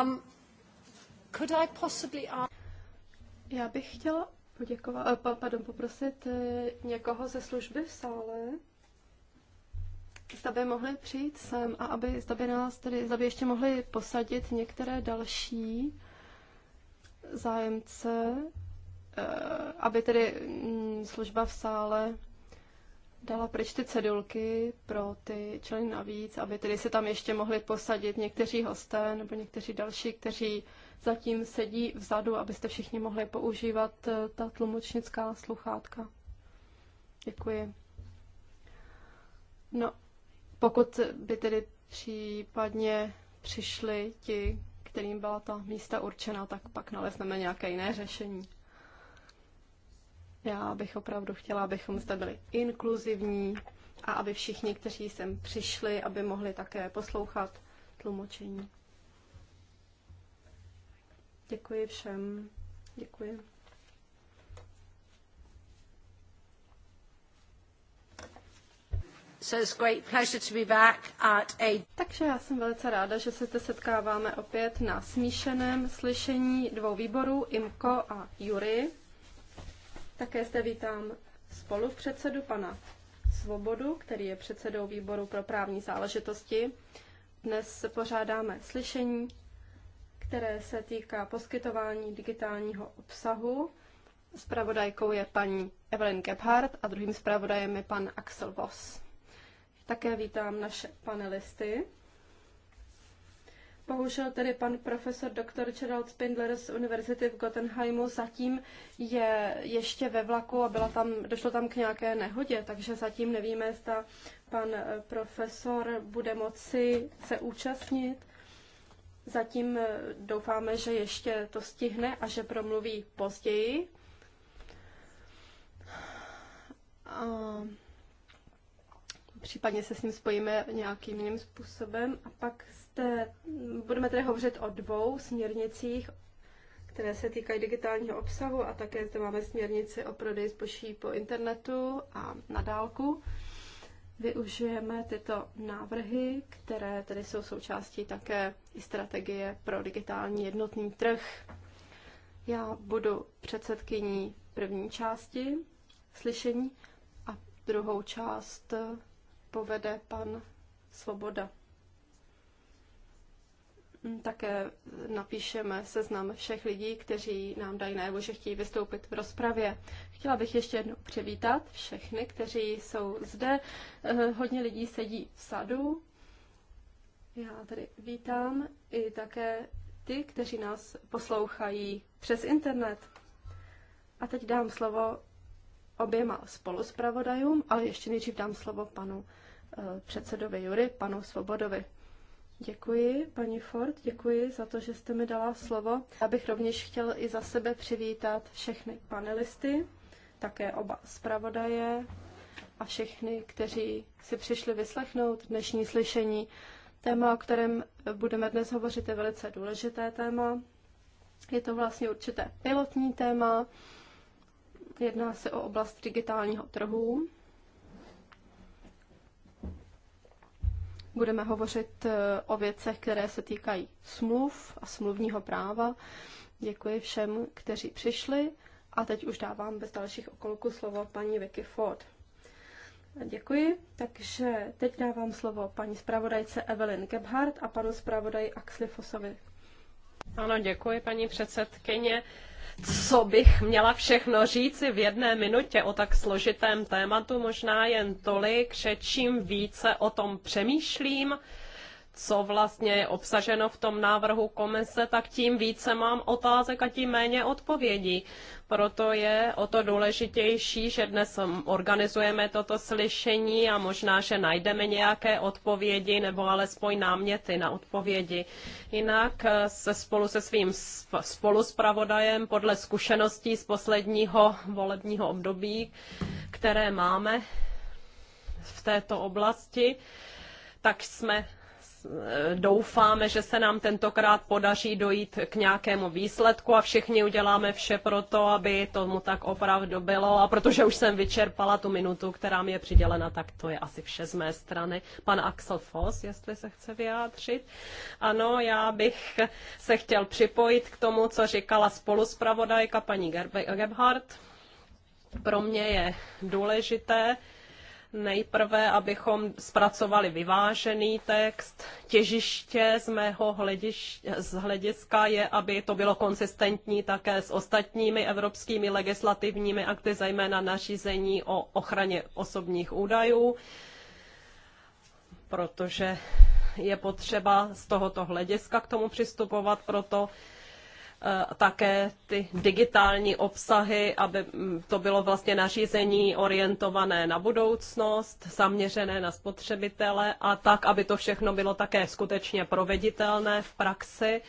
Um, Já bych chtěla poděkovat, eh, pardon, poprosit eh, někoho ze služby v sále, zda by mohli přijít sem a aby, zda by nás tedy, zda by ještě mohli posadit některé další zájemce, eh, aby tedy mm, služba v sále dala pryč ty cedulky pro ty členy navíc, aby tedy se tam ještě mohli posadit někteří hosté nebo někteří další, kteří zatím sedí vzadu, abyste všichni mohli používat eh, ta tlumočnická sluchátka. Děkuji. No, pokud by tedy případně přišli ti, kterým byla ta místa určena, tak pak nalezneme nějaké jiné řešení. Já bych opravdu chtěla, abychom zde byli inkluzivní a aby všichni, kteří sem přišli, aby mohli také poslouchat tlumočení. Děkuji všem. Děkuji. So it's great pleasure to be back at a... Takže já jsem velice ráda, že se zde setkáváme opět na smíšeném slyšení dvou výborů, IMCO a Jury. Také zde vítám spolu v předsedu pana Svobodu, který je předsedou výboru pro právní záležitosti. Dnes pořádáme slyšení, které se týká poskytování digitálního obsahu. Spravodajkou je paní Evelyn Gebhardt a druhým zpravodajem je pan Axel Voss. Také vítám naše panelisty. Bohužel tedy pan profesor dr. Gerald Spindler z Univerzity v Gottenheimu zatím je ještě ve vlaku a byla tam, došlo tam k nějaké nehodě, takže zatím nevíme, zda pan eh, profesor bude moci se účastnit. Zatím eh, doufáme, že ještě to stihne a že promluví později. A případně se s ním spojíme nějakým jiným způsobem a pak té, eh, budeme tedy hovořit o dvou směrnicích, které se týkají digitálního obsahu a také zde máme směrnici o prodeji zboží po internetu a na dálku. Využijeme tyto návrhy, které tedy jsou součástí také i strategie pro digitální jednotný trh. Já budu předsedkyní první části slyšení a druhou část eh, povede pan Svoboda. Mm, také napíšeme seznam všech lidí, kteří nám dají najevo, že chtějí vystoupit v rozpravě. Chtěla bych ještě jednou přivítat všechny, kteří jsou zde. Eh, hodně lidí sedí v sadu. Já tady vítám i také ty, kteří nás poslouchají přes internet. A teď dám slovo oběma spoluspravodajům, ale ještě nejdřív dám slovo panu eh, předsedovi Jury, panu Svobodovi. Děkuji, paní Ford, děkuji za to, že jste mi dala slovo. Já bych rovněž chtěl i za sebe přivítat všechny panelisty, také oba zpravodaje a všechny, kteří si přišli vyslechnout dnešní slyšení. Téma, o kterém budeme dnes hovořit, je velice důležité téma. Je to vlastně určité pilotní téma. Jedná se o oblast digitálního trhu, budeme hovořit eh, o věcech, které se týkají smluv a smluvního práva. Děkuji všem, kteří přišli a teď už dávám bez dalších okolků slovo paní Vicky Ford. Děkuji, takže teď dávám slovo paní zpravodajce Evelyn Gebhardt a panu zpravodaji Axli Fosovi. Ano, děkuji paní předsedkyně co bych měla všechno říci v jedné minutě o tak složitém tématu, možná jen tolik, že čím více o tom přemýšlím, co vlastně je obsaženo v tom návrhu komise, tak tím více mám otázek a tím méně odpovědí. Proto je o to důležitější, že dnes organizujeme toto slyšení a možná, že najdeme nějaké odpovědi nebo alespoň náměty na odpovědi. Jinak eh, se spolu se svým spoluspravodajem podle zkušeností z posledního volebního období, které máme v této oblasti, tak jsme doufáme, že se nám tentokrát podaří dojít k nějakému výsledku a všichni uděláme vše pro to, aby tomu tak opravdu bylo. A protože už jsem vyčerpala tu minutu, která mi je přidělena, tak to je asi vše z mé strany. Pan Axel Foss, jestli se chce vyjádřit. Ano, já bych se chtěl připojit k tomu, co říkala spoluspravodajka paní Gebhardt. Pro mě je důležité, Nejprve, abychom zpracovali vyvážený text. Těžiště z mého hlediš, z hlediska je, aby to bylo konsistentní také s ostatními evropskými legislativními akty, zejména nařízení o ochraně osobních údajů, protože je potřeba z tohoto hlediska k tomu přistupovat, proto Eh, také ty digitální obsahy, aby mm, to bylo vlastně nařízení orientované na budoucnost, zaměřené na spotřebitele a tak, aby to všechno bylo také skutečně proveditelné v praxi.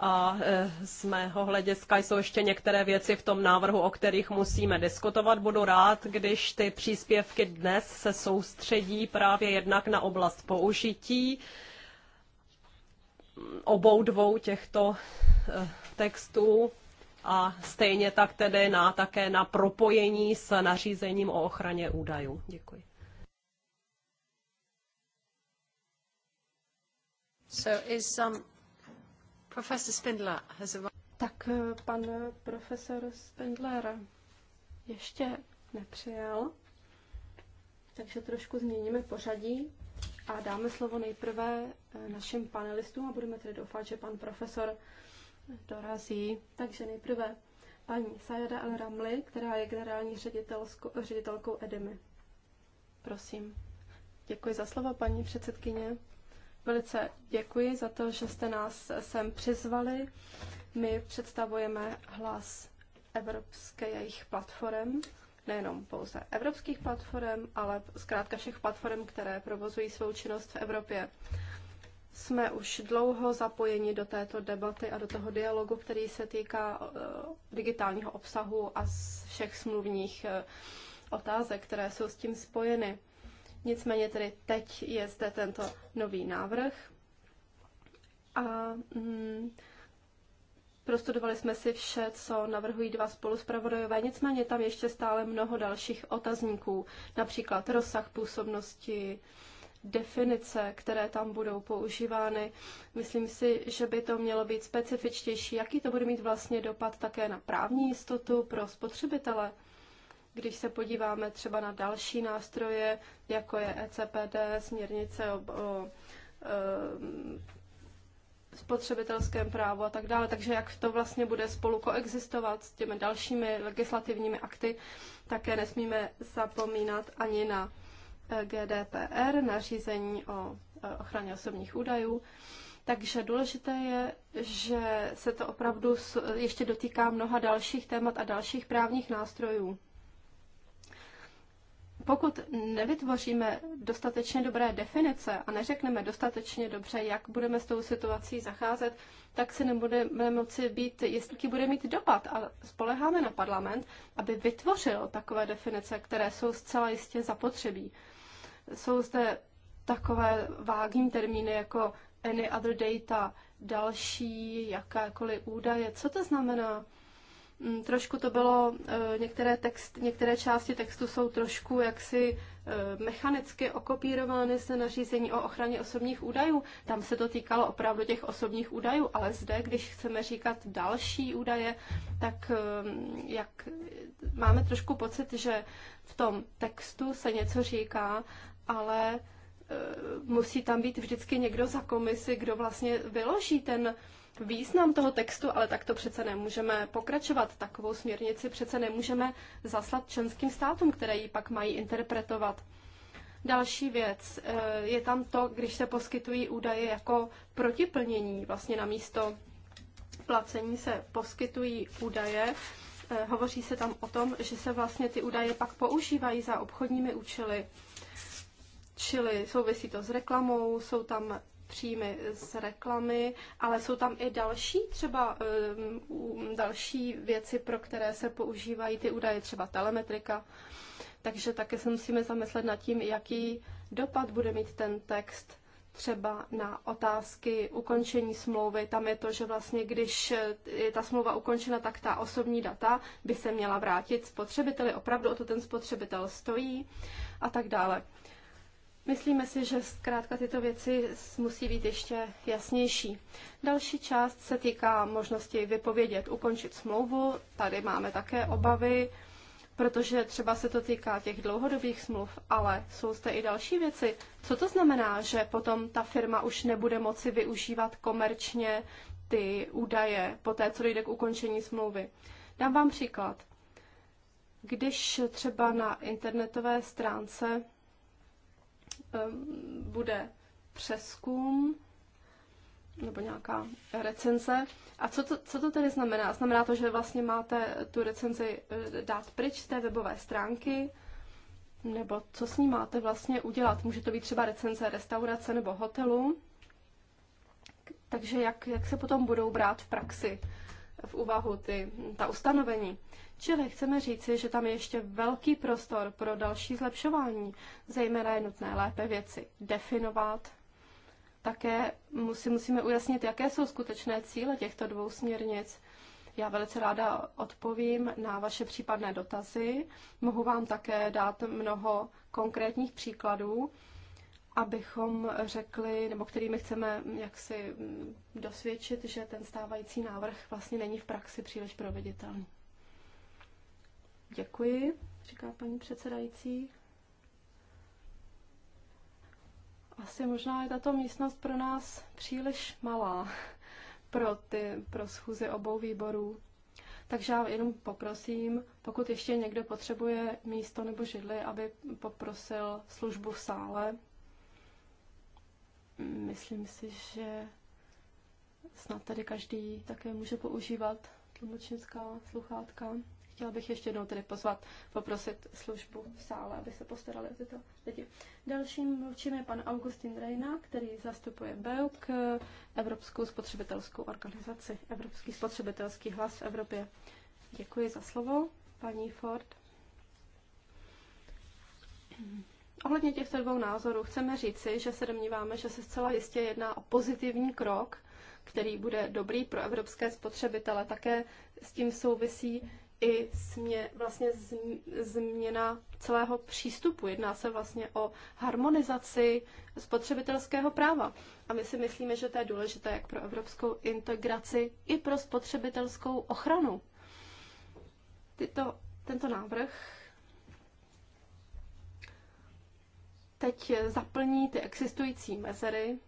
A eh, z mého hlediska jsou ještě některé věci v tom návrhu, o kterých musíme diskutovat. Budu rád, když ty příspěvky dnes se soustředí právě jednak na oblast použití obou dvou těchto eh, textu a stejně tak tedy na, také na propojení s nařízením o ochraně údajů. Děkuji. So is, um, professor Spindler has a... Tak eh, pan profesor Spindler ještě nepřijel, takže trošku změníme pořadí a dáme slovo nejprve eh, našim panelistům a budeme tedy doufat, že pan profesor dorazí. Takže nejprve paní Sayada al Ramli, která je generální ředitelkou Edemy. Prosím. Děkuji za slovo, paní předsedkyně. Velice děkuji za to, že jste nás sem přizvali. My představujeme hlas evropské jejich platform, nejenom pouze evropských platform, ale zkrátka všech platform, které provozují svou činnost v Evropě jsme už dlouho zapojeni do této debaty a do toho dialogu, který se týká eh, digitálního obsahu a z všech smluvních eh, otázek, které jsou s tím spojeny. Nicméně tedy teď je zde tento nový návrh a mm, prostudovali jsme si vše, co navrhují dva spoluspravodajové, nicméně tam ještě stále mnoho dalších otazníků, například rozsah působnosti, definice, které tam budou používány. Myslím si, že by to mělo být specifičtější. Jaký to bude mít vlastně dopad také na právní jistotu pro spotřebitele? Když se podíváme třeba na další nástroje, jako je ECPD, směrnice o, o eh, spotřebitelském právu a tak dále. Takže jak to vlastně bude spolu koexistovat s těmi dalšími legislativními akty, také nesmíme zapomínat ani na GDPR, nařízení o e, ochraně osobních údajů. Takže důležité je, že se to opravdu ještě dotýká mnoha dalších témat a dalších právních nástrojů. Pokud nevytvoříme dostatečně dobré definice a neřekneme dostatečně dobře, jak budeme s tou situací zacházet, tak si nebudeme moci být, jestli bude mít dopad. A spoleháme na parlament, aby vytvořil takové definice, které jsou zcela jistě zapotřebí jsou zde takové vágní termíny jako any other data, další, jakékoliv údaje. Co to znamená? Mm, trošku to bylo, eh, některé, text, některé části textu jsou trošku jaksi eh, mechanicky okopírovány se nařízení o ochraně osobních údajů. Tam se to týkalo opravdu těch osobních údajů, ale zde, když chceme říkat další údaje, tak eh, jak máme trošku pocit, že v tom textu se něco říká, ale musí tam být vždycky někdo za komisi, kdo vlastně vyloží ten, význam toho textu, ale tak to přece nemůžeme pokračovat. Takovou směrnici přece nemůžeme zaslat členským státům, které ji pak mají interpretovat. Další věc eh, je tam to, když se poskytují údaje jako protiplnění, vlastně na místo placení se poskytují údaje. Eh, hovoří se tam o tom, že se vlastně ty údaje pak používají za obchodními účely. Čili souvisí to s reklamou, jsou tam příjmy z reklamy, ale jsou tam i další třeba um, další věci, pro které se používají ty údaje, třeba telemetrika. Takže také se musíme zamyslet nad tím, jaký dopad bude mít ten text třeba na otázky ukončení smlouvy. Tam je to, že vlastně když eh, je ta smlouva ukončena, tak ta osobní data by se měla vrátit spotřebiteli. Opravdu o to ten spotřebitel stojí a tak dále. Myslíme si, že zkrátka tyto věci musí být ještě jasnější. Další část se týká možnosti vypovědět, ukončit smlouvu. Tady máme také obavy, protože třeba se to týká těch dlouhodobých smluv, ale jsou zde i další věci. Co to znamená, že potom ta firma už nebude moci využívat komerčně ty údaje po té, co dojde k ukončení smlouvy? Dám vám příklad. Když třeba na internetové stránce bude přeskum nebo nějaká recenze. A co to, co to tedy znamená? Znamená to, že vlastně máte tu recenzi e, dát pryč z té webové stránky, nebo co s ní máte vlastně udělat? Může to být třeba recenze restaurace nebo hotelu. Takže jak, jak se potom budou brát v praxi v úvahu ty, ta ustanovení. Čili chceme říci, že tam je ještě velký prostor pro další zlepšování. Zejména je nutné lépe věci definovat. Také musí, musíme ujasnit, jaké jsou skutečné cíle těchto dvou směrnic. Já velice ráda odpovím na vaše případné dotazy. Mohu vám také dát mnoho konkrétních příkladů, abychom řekli, nebo kterými chceme mm, jaksi mm, dosvědčit, že ten stávající návrh vlastně není v praxi příliš proveditelný. Děkuji, říká paní předsedající. Asi možná je tato místnost pro nás příliš malá pro, ty, pro schůzy obou výborů. Takže já jenom poprosím, pokud ještě někdo potřebuje místo nebo židli, aby poprosil službu v sále, Myslím si, že snad tady každý také může používat tlumočnická sluchátka. Chtěla bych ještě jednou tedy pozvat, poprosit službu v sále, aby se postarali o tyto lidi. Dalším mluvčím je pan Augustin Reina, který zastupuje BELK, Evropskou spotřebitelskou organizaci, Evropský spotřebitelský hlas v Evropě. Děkuji za slovo, paní Ford. Ohledně těchto dvou názorů chceme říci, že se domníváme, že se zcela jistě jedná o pozitivní krok, který bude dobrý pro evropské spotřebitele. Také s tím souvisí i smě, vlastně změna celého přístupu. Jedná se vlastně o harmonizaci spotřebitelského práva. A my si myslíme, že to je důležité jak pro evropskou integraci, i pro spotřebitelskou ochranu. Tyto, tento návrh teď zaplní ty existující mezery,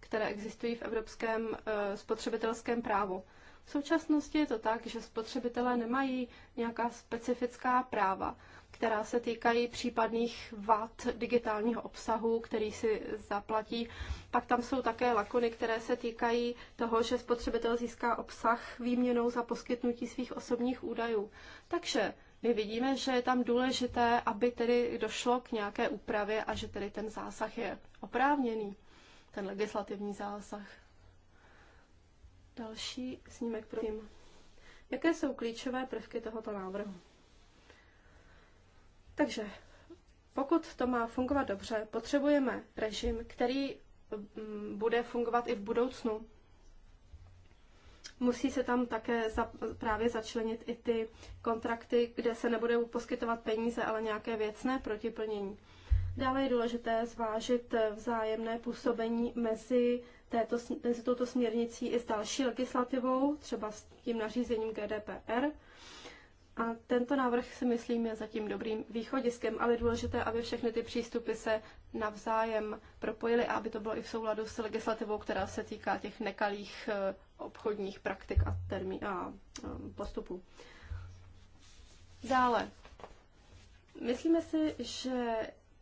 které existují v evropském eh, spotřebitelském právu. V současnosti je to tak, že spotřebitelé nemají nějaká specifická práva, která se týkají případných vad digitálního obsahu, který si zaplatí. Pak tam jsou také lakony, které se týkají toho, že spotřebitel získá obsah výměnou za poskytnutí svých osobních údajů. Takže my vidíme, že je tam důležité, aby tedy došlo k nějaké úpravě a že tedy ten zásah je oprávněný, ten legislativní zásah. Další snímek, prosím. Jaké jsou klíčové prvky tohoto návrhu? Takže pokud to má fungovat dobře, potřebujeme režim, který mm, bude fungovat i v budoucnu. Musí se tam také za, právě začlenit i ty kontrakty, kde se nebudou poskytovat peníze, ale nějaké věcné protiplnění. Dále je důležité zvážit vzájemné působení mezi, této, mezi touto směrnicí i s další legislativou, třeba s tím nařízením GDPR. A tento návrh si myslím je zatím dobrým východiskem, ale je důležité, aby všechny ty přístupy se navzájem propojily a aby to bylo i v souladu s legislativou, která se týká těch nekalých eh, obchodních praktik a, termí- a eh, postupů. Dále. Myslíme si, že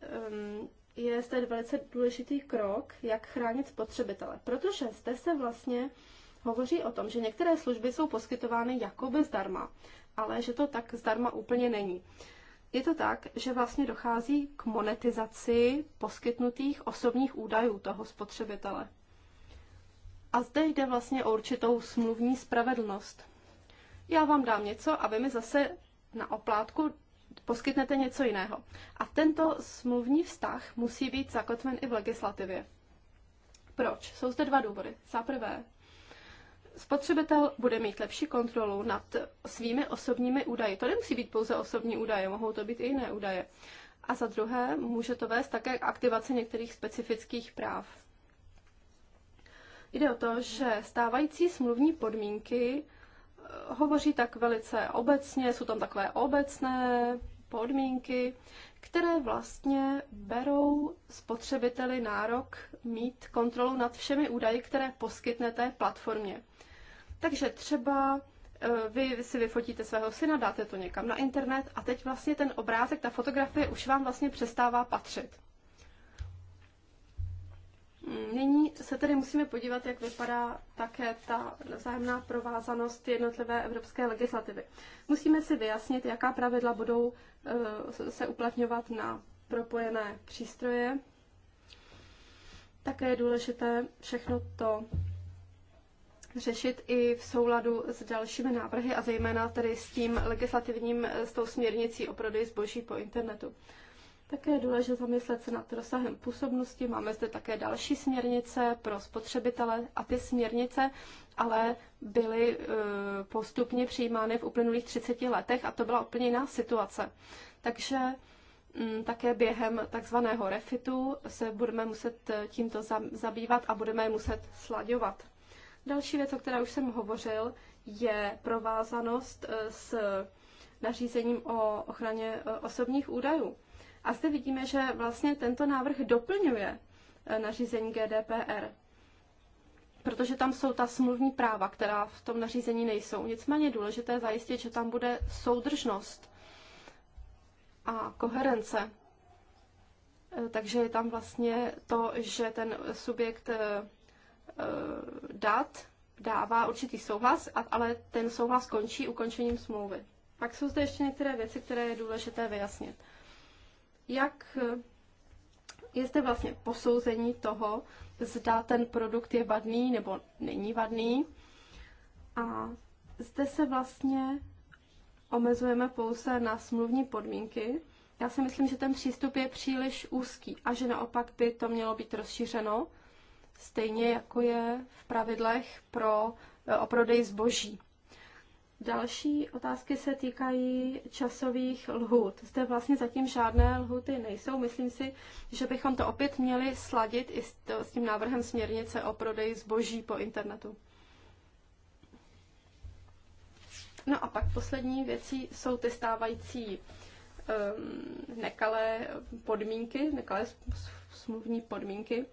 ehm, je zde velice důležitý krok, jak chránit spotřebitele, protože zde se vlastně hovoří o tom, že některé služby jsou poskytovány jakoby zdarma, ale že to tak zdarma úplně není. Je to tak, že vlastně dochází k monetizaci poskytnutých osobních údajů toho spotřebitele. A zde jde vlastně o určitou smluvní spravedlnost. Já vám dám něco a vy mi zase na oplátku poskytnete něco jiného. A tento smluvní vztah musí být zakotven i v legislativě. Proč? Jsou zde dva důvody. Za prvé, Spotřebitel bude mít lepší kontrolu nad svými osobními údaji. To nemusí být pouze osobní údaje, mohou to být i jiné údaje. A za druhé, může to vést také k aktivaci některých specifických práv. Jde o to, že stávající smluvní podmínky eh, hovoří tak velice obecně, jsou tam takové obecné podmínky, které vlastně berou spotřebiteli nárok mít kontrolu nad všemi údaji, které poskytne té platformě. Takže třeba eh, vy si vyfotíte svého syna, dáte to někam na internet a teď vlastně ten obrázek, ta fotografie už vám vlastně přestává patřit. Mm, nyní se tedy musíme podívat, jak vypadá také ta vzájemná provázanost jednotlivé evropské legislativy. Musíme si vyjasnit, jaká pravidla budou eh, se uplatňovat na propojené přístroje. Také je důležité všechno to řešit i v souladu s dalšími návrhy a zejména tedy s tím legislativním, s tou směrnicí o prodeji zboží po internetu. Také je důležité zamyslet se nad rozsahem působnosti. Máme zde také další směrnice pro spotřebitele a ty směrnice ale byly e, postupně přijímány v uplynulých 30 letech a to byla úplně jiná situace. Takže mm, také během takzvaného refitu se budeme muset e, tímto zabývat a budeme je muset slaďovat. Další věc, o které už jsem hovořil, je provázanost eh, s nařízením o ochraně eh, osobních údajů. A zde vidíme, že vlastně tento návrh doplňuje eh, nařízení GDPR, protože tam jsou ta smluvní práva, která v tom nařízení nejsou. Nicméně je důležité zajistit, že tam bude soudržnost a koherence. Takže je tam vlastně to, že ten subjekt Eh, dat dává určitý souhlas, ale ten souhlas končí ukončením smlouvy. Pak jsou zde ještě některé věci, které je důležité vyjasnit. Jak eh, je zde vlastně posouzení toho, zda ten produkt je vadný nebo není vadný. A zde se vlastně omezujeme pouze na smluvní podmínky. Já si myslím, že ten přístup je příliš úzký a že naopak by to mělo být rozšířeno stejně jako je v pravidlech pro, e, o prodej zboží. Další otázky se týkají časových lhůt. Zde vlastně zatím žádné lhuty nejsou. Myslím si, že bychom to opět měli sladit i s, tím návrhem směrnice o prodej zboží po internetu. No a pak poslední věcí jsou ty stávající um, nekalé podmínky, nekalé smluvní podmínky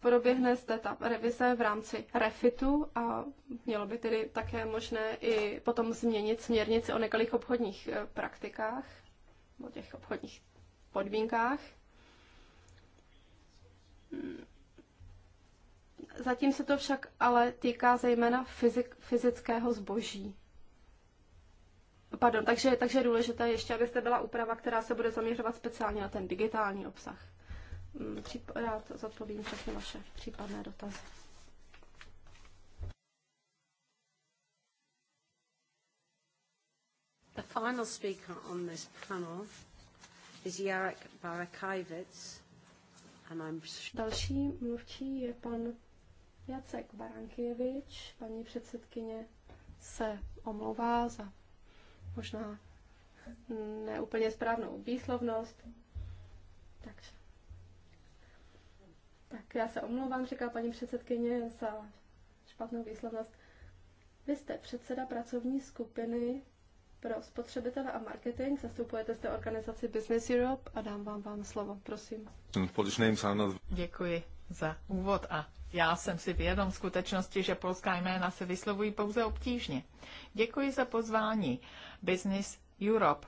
proběhne zde ta revize v rámci refitu a mělo by tedy také možné i potom změnit směrnici o nekalých obchodních eh, praktikách, o těch obchodních podmínkách. Hmm. Zatím se to však ale týká zejména fyzik, fyzického zboží. Pardon, takže, takže je důležité ještě, abyste byla úprava, která se bude zaměřovat speciálně na ten digitální obsah rád mm, zodpovím všechny vaše případné dotazy. The final speaker on this panel is Jarek Barakajvic. And I'm... Další mluvčí je pan Jacek Barankěvič. Paní předsedkyně se omlouvá za možná neúplně správnou výslovnost. Takže tak já se omlouvám, říká paní předsedkyně za špatnou výslovnost. Vy jste předseda pracovní skupiny pro spotřebitele a marketing, zastupujete zde organizaci Business Europe a dám vám vám slovo, prosím. Děkuji za úvod a já jsem si vědom skutečnosti, že polská jména se vyslovují pouze obtížně. Děkuji za pozvání Business Europe.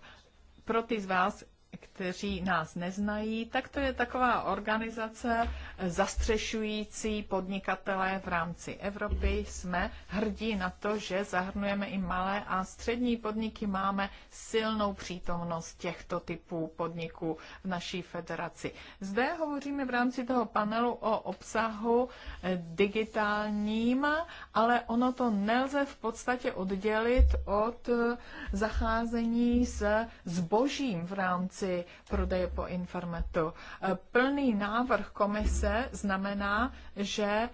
Pro ty z vás, kteří nás neznají, tak to je taková organizace zastřešující podnikatele v rámci Evropy. Jsme hrdí na to, že zahrnujeme i malé a střední podniky. Máme silnou přítomnost těchto typů podniků v naší federaci. Zde hovoříme v rámci toho panelu o obsahu eh, digitálním, ale ono to nelze v podstatě oddělit od eh, zacházení s zbožím v rámci rámci prodeje po internetu. Eh, plný návrh komise znamená, že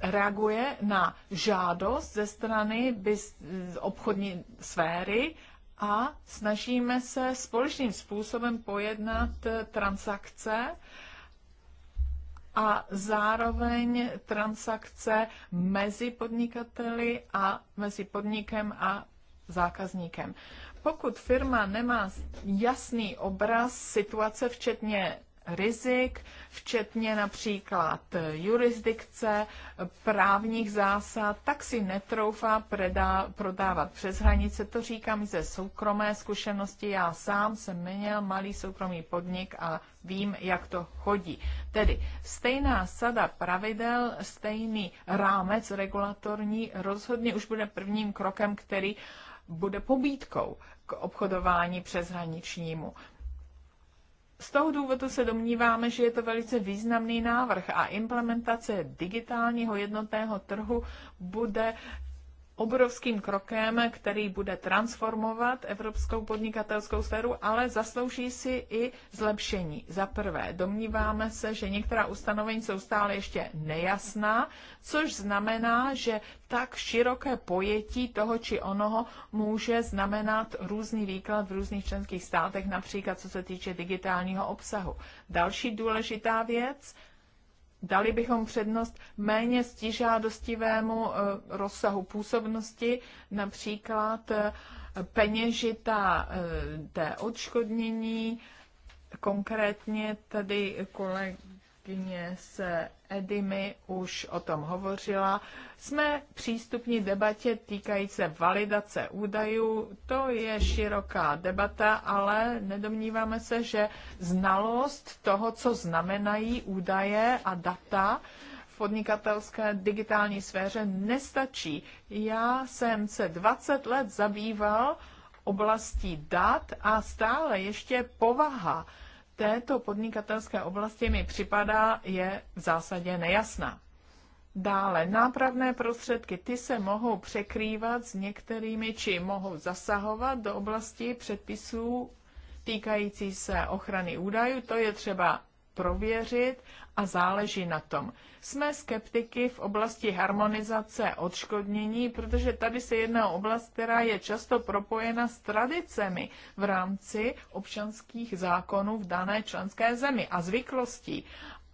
reaguje na žádost ze strany obchodní sféry a snažíme se společným způsobem pojednat eh, transakce a zároveň transakce mezi podnikateli a mezi podnikem a zákazníkem. Pokud firma nemá jasný obraz situace, včetně rizik, včetně například jurisdikce, právních zásad, tak si netroufá predá, prodávat přes hranice. To říkám ze soukromé zkušenosti. Já sám jsem měl malý soukromý podnik a vím, jak to chodí. Tedy stejná sada pravidel, stejný rámec regulatorní rozhodně už bude prvním krokem, který uh, bude pobídkou k obchodování přeshraničnímu. Z toho důvodu se domníváme, že je to velice významný návrh a implementace digitálního jednotného trhu bude obrovským krokem, který bude transformovat evropskou podnikatelskou sféru, ale zaslouží si i zlepšení. Za prvé, domníváme se, že některá ustanovení jsou stále ještě nejasná, což znamená, že tak široké pojetí toho či onoho může znamenat různý výklad v různých členských státech, například co se týče digitálního obsahu. Další důležitá věc, Dali bychom přednost méně stižádostivému eh, rozsahu působnosti, například eh, peněžitá eh, té odškodnění, konkrétně tady kolega zástupkyně s Edimy už o tom hovořila. Jsme přístupní debatě týkající se validace údajů. To je široká debata, ale nedomníváme se, že znalost toho, co znamenají údaje a data, podnikatelské digitální sféře nestačí. Já jsem se 20 let zabýval oblastí dat a stále ještě povaha této podnikatelské oblasti mi připadá, je v zásadě nejasná. Dále, nápravné prostředky, ty se mohou překrývat s některými, či mohou zasahovat do oblasti předpisů týkající se ochrany údajů. To je třeba prověřit a záleží na tom. Jsme skeptiky v oblasti harmonizace odškodnění, protože tady se jedná o oblast, která je často propojena s tradicemi v rámci občanských zákonů v dané členské zemi a zvyklostí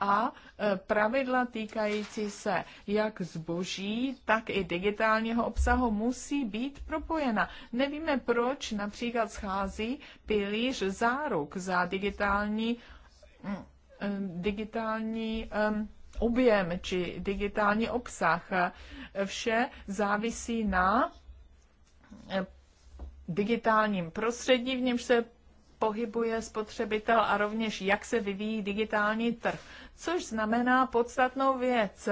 a e, pravidla týkající se jak zboží, tak i digitálního obsahu musí být propojena. Nevíme, proč například schází pilíř záruk za digitální mm, Um, digitální um, objem či digitální obsah. Vše závisí na eh, digitálním prostředí, v němž se pohybuje spotřebitel a rovněž jak se vyvíjí digitální trh. Což znamená podstatnou věc,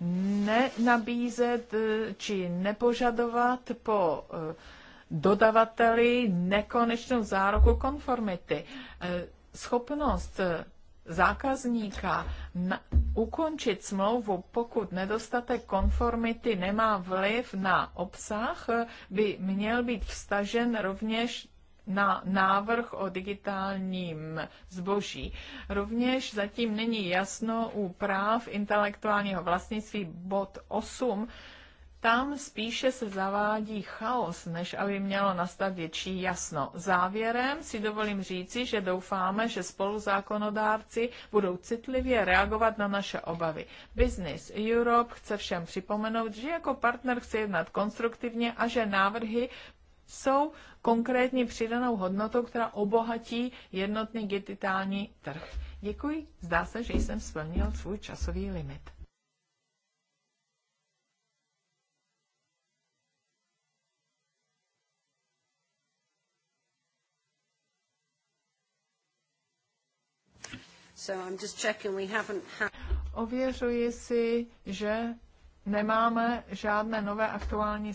nenabízet eh, či nepožadovat po eh, dodavateli nekonečnou záruku konformity. Schopnost zákazníka na, ukončit smlouvu, pokud nedostatek konformity nemá vliv na obsah, by měl být vstažen rovněž na návrh o digitálním zboží. Rovněž zatím není jasno u práv intelektuálního vlastnictví bod 8, tam spíše se zavádí chaos, než aby mělo nastat větší jasno. Závěrem si dovolím říci, že doufáme, že spoluzákonodárci budou citlivě reagovat na naše obavy. Business Europe chce všem připomenout, že jako partner chce jednat konstruktivně a že návrhy jsou konkrétní přidanou hodnotou, která obohatí jednotný digitální trh. Děkuji, zdá se, že jsem splnil svůj časový limit. so I'm just checking we haven't had... Ověřuji si, že nemáme žádné nové aktuální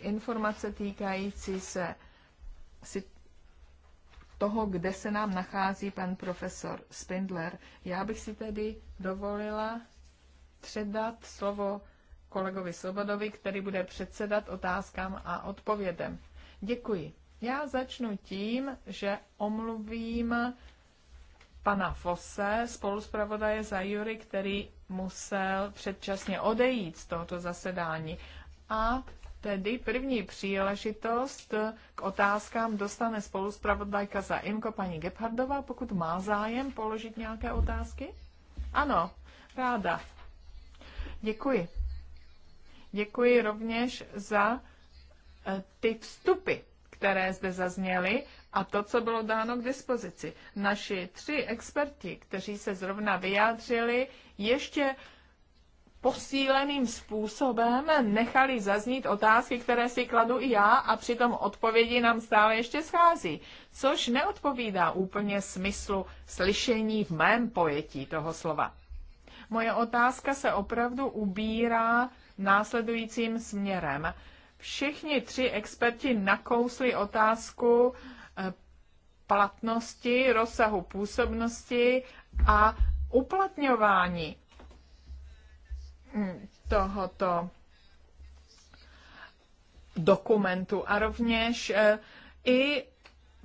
informace týkající se toho, kde se nám nachází pan profesor Spindler. Já bych si tedy dovolila předat slovo kolegovi Svobodovi, který bude předsedat otázkám a odpovědem. Děkuji. Já začnu tím, že omluvím pana Fosse, spoluspravodaje za Jury, který musel předčasně odejít z tohoto zasedání. A tedy první příležitost k otázkám dostane spoluspravodajka za IMKO paní Gebhardová, pokud má zájem položit nějaké otázky. Ano, ráda. Děkuji. Děkuji rovněž za eh, ty vstupy, které zde zazněly a to, co bylo dáno k dispozici. Naši tři experti, kteří se zrovna vyjádřili, ještě posíleným způsobem nechali zaznít otázky, které si kladu i já a přitom odpovědi nám stále ještě schází, což neodpovídá úplně smyslu slyšení v mém pojetí toho slova. Moje otázka se opravdu ubírá následujícím směrem. Všichni tři experti nakousli otázku Eh, platnosti, rozsahu působnosti a uplatňování hm, tohoto dokumentu a rovněž eh, i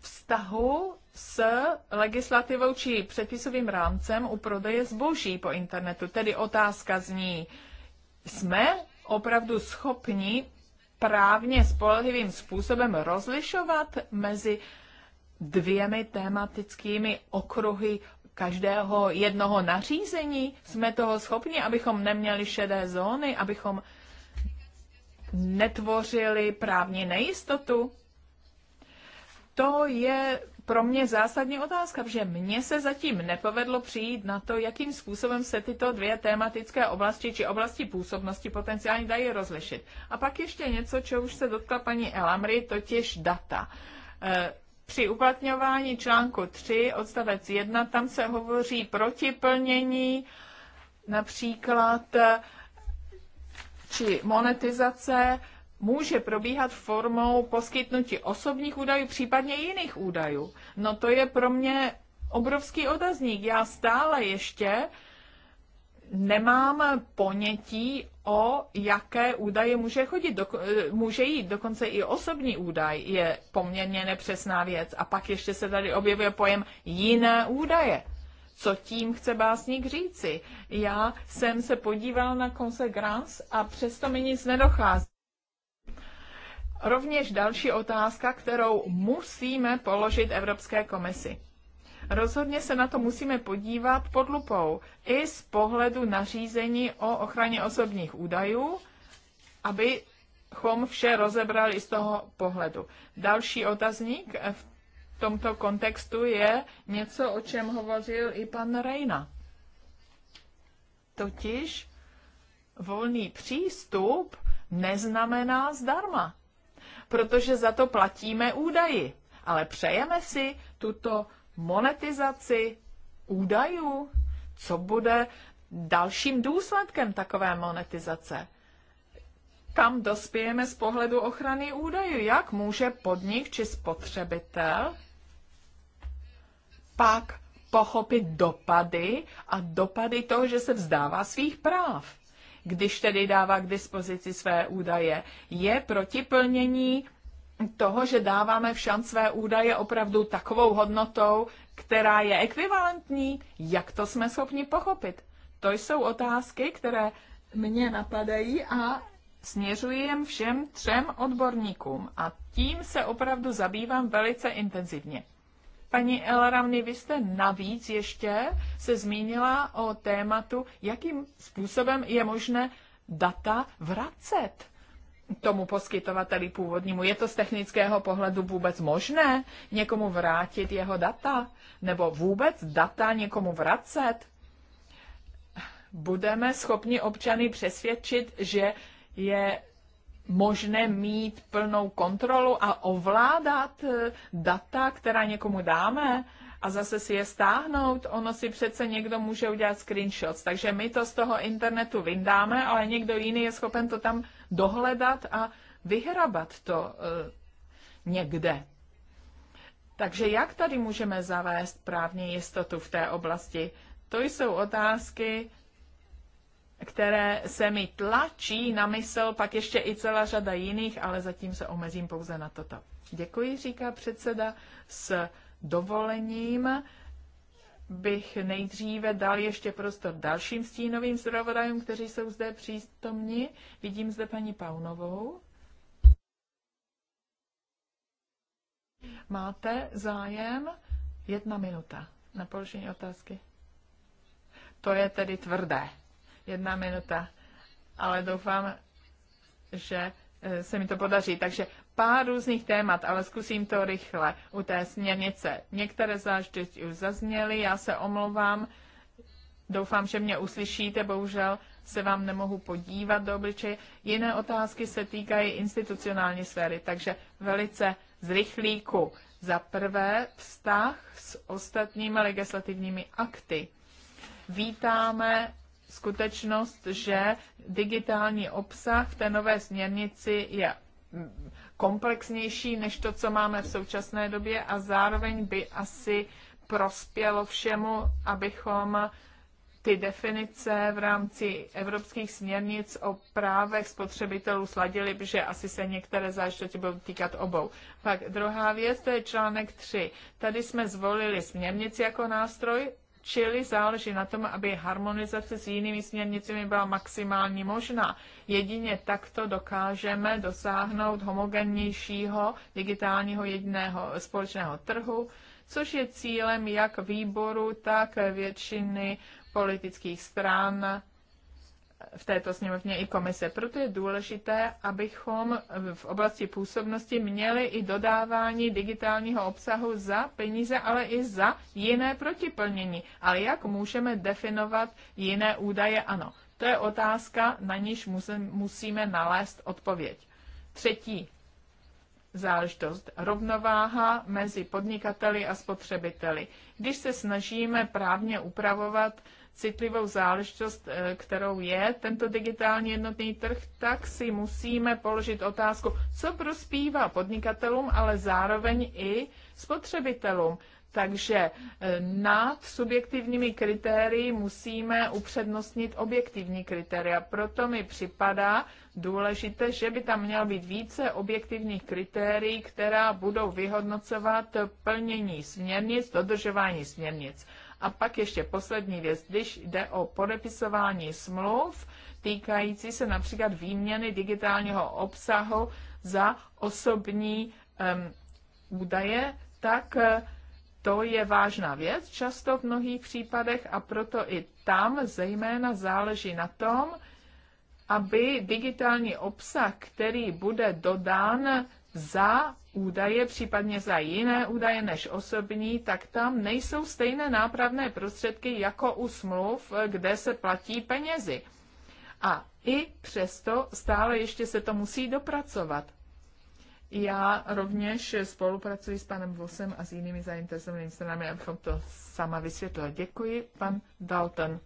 vztahu s legislativou či předpisovým rámcem u prodeje zboží po internetu. Tedy otázka zní, jsme opravdu schopni právně spolehlivým způsobem rozlišovat mezi dvěmi tematickými okruhy každého jednoho nařízení? Jsme toho schopni, abychom neměli šedé zóny, abychom netvořili právní nejistotu? To je pro mě zásadní otázka, protože mně se zatím nepovedlo přijít na to, jakým způsobem se tyto dvě tematické oblasti či oblasti působnosti potenciálně dají rozlišit. A pak ještě něco, čeho už se dotkla paní Elamry, totiž data. Eh, při uplatňování článku 3 odstavec 1 tam se hovoří proti plnění například eh, či monetizace může probíhat formou poskytnutí osobních údajů, případně jiných údajů. No to je pro mě obrovský otazník. Já stále ještě nemám ponětí, o jaké údaje může, chodit, do, eh, může jít. Dokonce i osobní údaj je poměrně nepřesná věc. A pak ještě se tady objevuje pojem jiné údaje. Co tím chce básník říci? Já jsem se podíval na Consegrance a přesto mi nic nedochází. Rovněž další otázka, kterou musíme položit Evropské komisi Rozhodně se na to musíme podívat pod lupou i z pohledu nařízení o ochraně osobních údajů, abychom vše rozebrali z toho pohledu. Další otazník v tomto kontextu je něco, o čem hovořil i pan Rejna. Totiž volný přístup neznamená zdarma, protože za to platíme údaji. Ale přejeme si tuto monetizaci údajů? Co bude dalším důsledkem takové monetizace? Kam dospějeme z pohledu ochrany údajů? Jak může podnik či spotřebitel pak pochopit dopady a dopady toho, že se vzdává svých práv? Když tedy dává k dispozici své údaje, je protiplnění? toho, že dáváme v své údaje opravdu takovou hodnotou, která je ekvivalentní, jak to jsme schopni pochopit? To jsou otázky, které mě napadají a směřuji jen všem třem odborníkům a tím se opravdu zabývám velice intenzivně. Paní Elaramny, vy jste navíc ještě se zmínila o tématu, jakým způsobem je možné data vracet tomu poskytovateli původnímu. Je to z technického pohledu vůbec možné někomu vrátit jeho data? Nebo vůbec data někomu vracet? Budeme schopni občany přesvědčit, že je možné mít plnou kontrolu a ovládat eh, data, která někomu dáme a zase si je stáhnout. Ono si přece někdo může udělat screenshots, takže my to z toho internetu vyndáme, ale někdo jiný je schopen to tam dohledat a vyhrabat to eh, někde. Takže jak tady můžeme zavést právní jistotu v té oblasti? To jsou otázky, které se mi tlačí na mysl, pak ještě i celá řada jiných, ale zatím se omezím pouze na toto. Děkuji, říká předseda, s dovolením bych nejdříve dal ještě prostor dalším stínovým zdravodajům, kteří jsou zde přítomni. Vidím zde paní Paunovou. Máte zájem? Jedna minuta na položení otázky. To je tedy tvrdé. Jedna minuta. Ale doufám, že eh, se mi to podaří. Takže pár různých témat, ale zkusím to rychle u té směrnice. Některé záležitosti už zazněly, já se omlouvám, doufám, že mě uslyšíte, bohužel se vám nemohu podívat do obličeje. Jiné otázky se týkají institucionální sféry, takže velice z rychlíku. Za prvé vztah s ostatními legislativními akty. Vítáme skutečnost, že digitální obsah v té nové směrnici je mm, komplexnější než to, co máme v současné době a zároveň by asi prospělo všemu, abychom ty definice v rámci evropských směrnic o právech spotřebitelů sladili, protože asi se některé záležitosti budou týkat obou. Pak druhá věc, to je článek 3. Tady jsme zvolili směrnici jako nástroj, Čili záleží na tom, aby harmonizace s jinými směrnicemi byla maximální možná. Jedině takto dokážeme dosáhnout homogennějšího digitálního jediného společného trhu, což je cílem jak výboru, tak většiny politických stran v této sněmovně i komise. Proto je důležité, abychom v oblasti působnosti měli i dodávání digitálního obsahu za peníze, ale i za jiné protiplnění. Ale jak můžeme definovat jiné údaje? Ano, to je otázka, na níž musíme nalézt odpověď. Třetí záležitost. Rovnováha mezi podnikateli a spotřebiteli. Když se snažíme právně upravovat citlivou záležitost, eh, kterou je tento digitální jednotný trh, tak si musíme položit otázku, co prospívá podnikatelům, ale zároveň i spotřebitelům. Takže eh, nad subjektivními kritérii musíme upřednostnit objektivní kritéria. Proto mi připadá důležité, že by tam mělo být více objektivních kritérií, která budou vyhodnocovat plnění směrnic, dodržování směrnic. A pak ještě poslední věc, když jde o podepisování smluv týkající se například výměny digitálního obsahu za osobní um, údaje, tak eh, to je vážná věc často v mnohých případech a proto i tam zejména záleží na tom, aby digitální obsah, který bude dodán za údaje, případně za jiné údaje než osobní, tak tam nejsou stejné nápravné prostředky jako u smluv, kde se platí penězi. A i přesto stále ještě se to musí dopracovat. Já rovněž spolupracuji s panem Vosem a s jinými zainteresovanými stranami, abychom to sama vysvětlili. Děkuji, pan Dalton.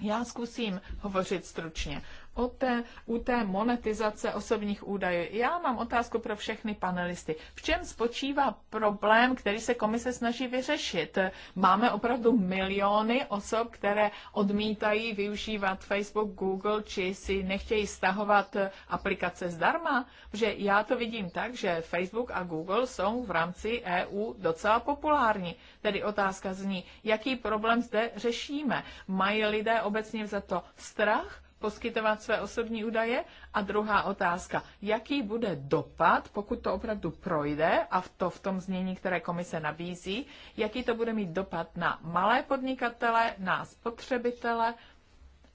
Já zkusím hovořit stručně o té, u té monetizace osobních údajů. Já mám otázku pro všechny panelisty. V čem spočívá problém, který se komise snaží vyřešit? Máme opravdu miliony osob, které odmítají využívat Facebook, Google, či si nechtějí stahovat eh, aplikace zdarma? Že já to vidím tak, že Facebook a Google jsou v rámci EU docela populární. Tedy otázka zní, jaký problém zde řešíme? Mají lidé obecně za to strach? poskytovat své osobní údaje? A druhá otázka, jaký bude dopad, pokud to opravdu projde a v to v tom znění, které komise nabízí, jaký to bude mít dopad na malé podnikatele, na spotřebitele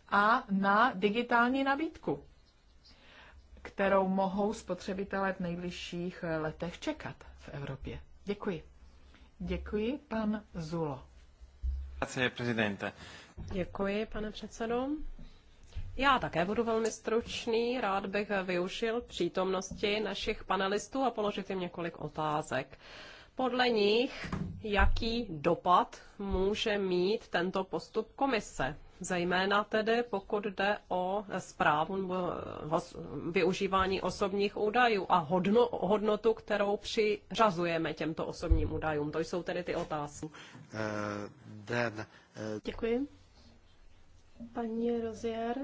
a na digitální nabídku, kterou mohou spotřebitelé v nejbližších eh, letech čekat v Evropě? Děkuji. Děkuji, pan Zulo. Děkuji, pane předsedo. Já také budu velmi stručný. Rád bych využil přítomnosti našich panelistů a položit jim několik otázek. Podle nich, jaký dopad může mít tento postup komise? Zejména tedy, pokud jde o zprávu nebo eh, využívání osobních údajů a hodno, hodnotu, kterou přiřazujeme těmto osobním údajům. To jsou tedy ty otázky. Uh, eh, then, uh... Eh, Děkuji. Paní Rozier,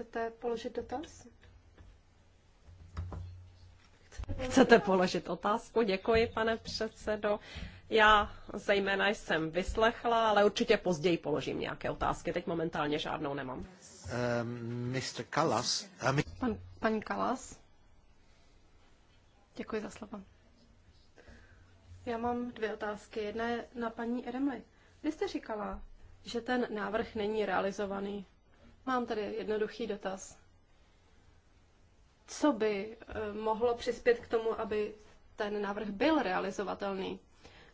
Chcete položit dotaz? Chcete položit otázku? Děkuji, pane předsedo. Já zejména jsem vyslechla, ale určitě později položím nějaké otázky. Teď momentálně žádnou nemám. Um, Mr. Kalas. Um... Pan, paní Kalas. Děkuji za slovo. Já mám dvě otázky. Jedna je na paní Eremli. Vy jste říkala, že ten návrh není realizovaný. Mám tady jednoduchý dotaz. Co by eh, mohlo přispět k tomu, aby ten návrh byl realizovatelný?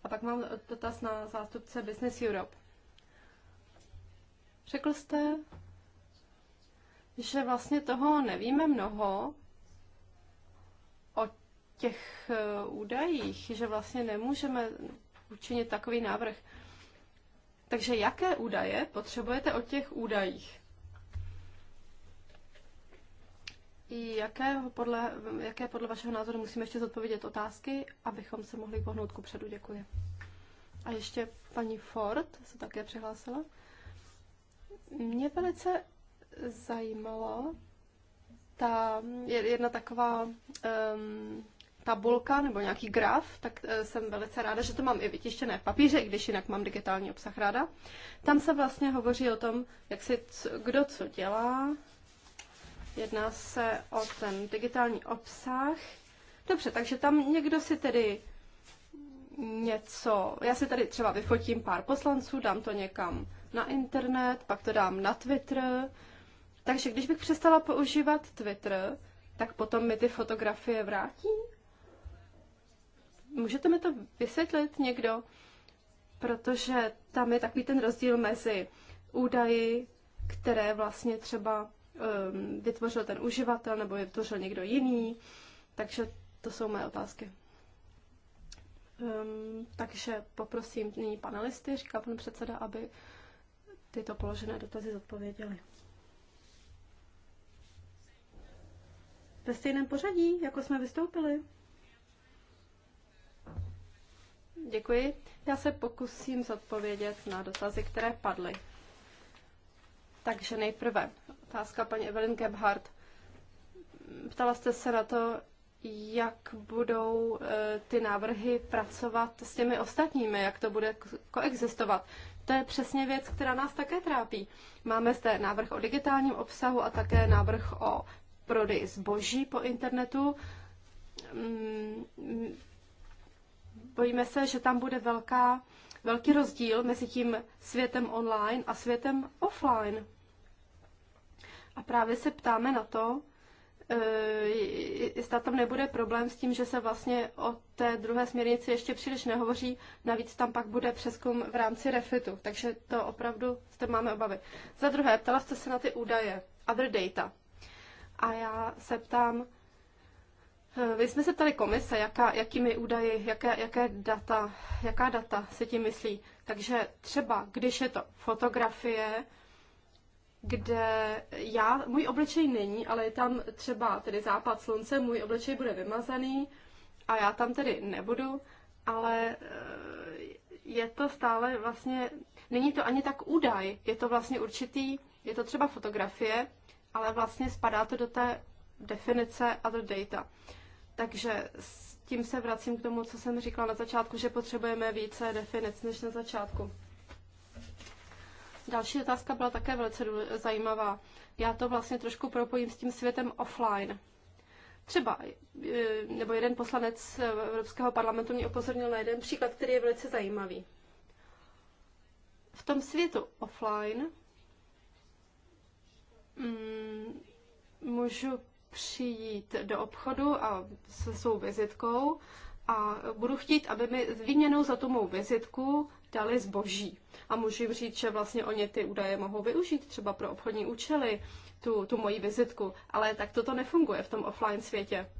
A pak mám dotaz na zástupce Business Europe. Řekl jste, že vlastně toho nevíme mnoho o těch eh, údajích, že vlastně nemůžeme učinit takový návrh. Takže jaké údaje potřebujete o těch údajích? Jaké podle, jaké podle vašeho názoru musíme ještě zodpovědět otázky, abychom se mohli pohnout ku předu? Děkuji. A ještě paní Ford se také přihlásila. Mě velice zajímalo ta jedna taková um, tabulka nebo nějaký graf, tak eh, jsem velice ráda, že to mám i vytištěné v papíře, i když jinak mám digitální obsah ráda. Tam se vlastně hovoří o tom, jak si, kdo co dělá, Jedná se o ten digitální obsah. Dobře, takže tam někdo si tedy něco, já si tady třeba vyfotím pár poslanců, dám to někam na internet, pak to dám na Twitter. Takže když bych přestala používat Twitter, tak potom mi ty fotografie vrátí? Můžete mi to vysvětlit někdo? Protože tam je takový ten rozdíl mezi údaji, které vlastně třeba Um, vytvořil ten uživatel nebo vytvořil někdo jiný. Takže to jsou moje otázky. Um, takže poprosím nyní panelisty, říká pan předseda, aby tyto položené dotazy zodpověděli. Ve stejném pořadí, jako jsme vystoupili. Děkuji. Já se pokusím zodpovědět na dotazy, které padly. Takže nejprve otázka paní Evelyn Gebhardt. Ptala jste se na to, jak budou e, ty návrhy pracovat s těmi ostatními, jak to bude koexistovat. To je přesně věc, která nás také trápí. Máme zde návrh o digitálním obsahu a také návrh o prodeji zboží po internetu. Mm, bojíme se, že tam bude velká, velký rozdíl mezi tím světem online a světem offline. A právě se ptáme na to, eh, jestli tam nebude problém s tím, že se vlastně o té druhé směrnici ještě příliš nehovoří, navíc tam pak bude přeskum v rámci refitu, takže to opravdu zde máme obavy. Za druhé, ptala jste se na ty údaje, other data. A já se ptám, vy eh, jsme se ptali komise, jaká, jakými údaji, jaké, jaké data, jaká data se tím myslí. Takže třeba, když je to fotografie, kde já, můj obličej není, ale je tam třeba tedy západ slunce, můj obličej bude vymazaný a já tam tedy nebudu, ale eh, je to stále vlastně, není to ani tak údaj, je to vlastně určitý, je to třeba fotografie, ale vlastně spadá to do té definice a do data. Takže s tím se vracím k tomu, co jsem říkala na začátku, že potřebujeme více definic než na začátku. Další otázka byla také velice zajímavá. Já to vlastně trošku propojím s tím světem offline. Třeba, e, nebo jeden poslanec Evropského parlamentu mě upozornil na jeden příklad, který je velice zajímavý. V tom světu offline mm, můžu přijít do obchodu a se svou vizitkou a budu chtít, aby mi s výměnou za tu mou vizitku dali zboží. A můžu jim říct, že vlastně oni ty údaje mohou využít třeba pro obchodní účely, tu, tu moji vizitku, ale tak toto nefunguje v tom offline světě.